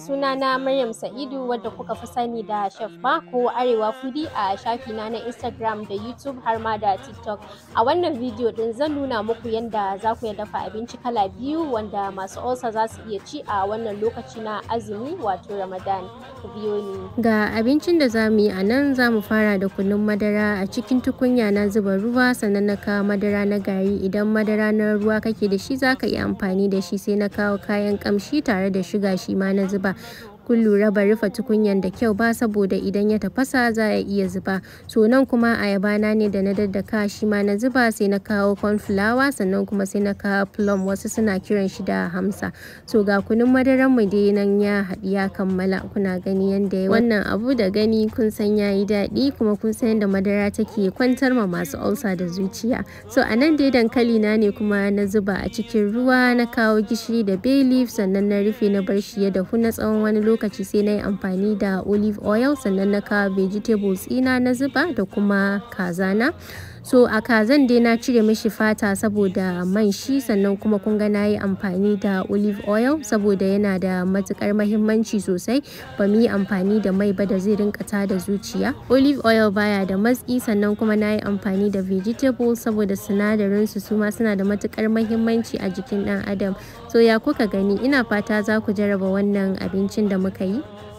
suna na Maryam Sa'idu wadda kuka fi sani da Chef Mako Arewa Fudi a shafi na na Instagram da YouTube har ma da TikTok. A wannan bidiyo din zan nuna muku yadda za ku dafa abinci kala biyu wanda masu olsa za su iya ci a wannan lokaci na azumi wato Ramadan. Ku biyo ni. Ga abincin da za mu yi a nan za mu fara da kunun madara a cikin tukunya na zuba ruwa sannan na kawo madara na gari idan madara na ruwa kake da shi za yi amfani da shi sai na kawo kayan kamshi tare da shuga shi ma na 对吧？kun lura ba rufe tukunyan da kyau ba saboda idan ya tafasa za a iya zuba so nan kuma ayaba na ne da na daddaka shi ma na zuba sai na kawo corn flour sannan kuma sai na kawo plum wasu suna kiran shi da hamsa so ga kunun madaran mu dai nan ya haɗi ya kammala kuna gani yanda ya wannan abu da gani kun san yi daɗi kuma kun san yadda madara take kwantar ma masu ulcer da zuciya so a nan dai dankali na ne kuma na zuba a cikin ruwa na kawo gishiri da bay leaf sannan na rufe na bar shi ya dahu na tsawon wani lokaci lokaci sai na yi amfani da olive oil sannan na kawo vegetables ina na zuba da kuma kazana so a kazan dai na cire mishi fata saboda man shi sannan kuma kun ga nayi amfani da olive oil saboda yana da matukar mahimmanci sosai ba mu yi amfani da mai ba da zai rinka ta da zuciya olive oil baya da matsi sannan kuma na yi amfani da vegetable saboda sinadarin su suma suna da matukar mahimmanci a jikin dan adam so ya kuka gani ina fata za ku jarraba wannan abincin da muka yi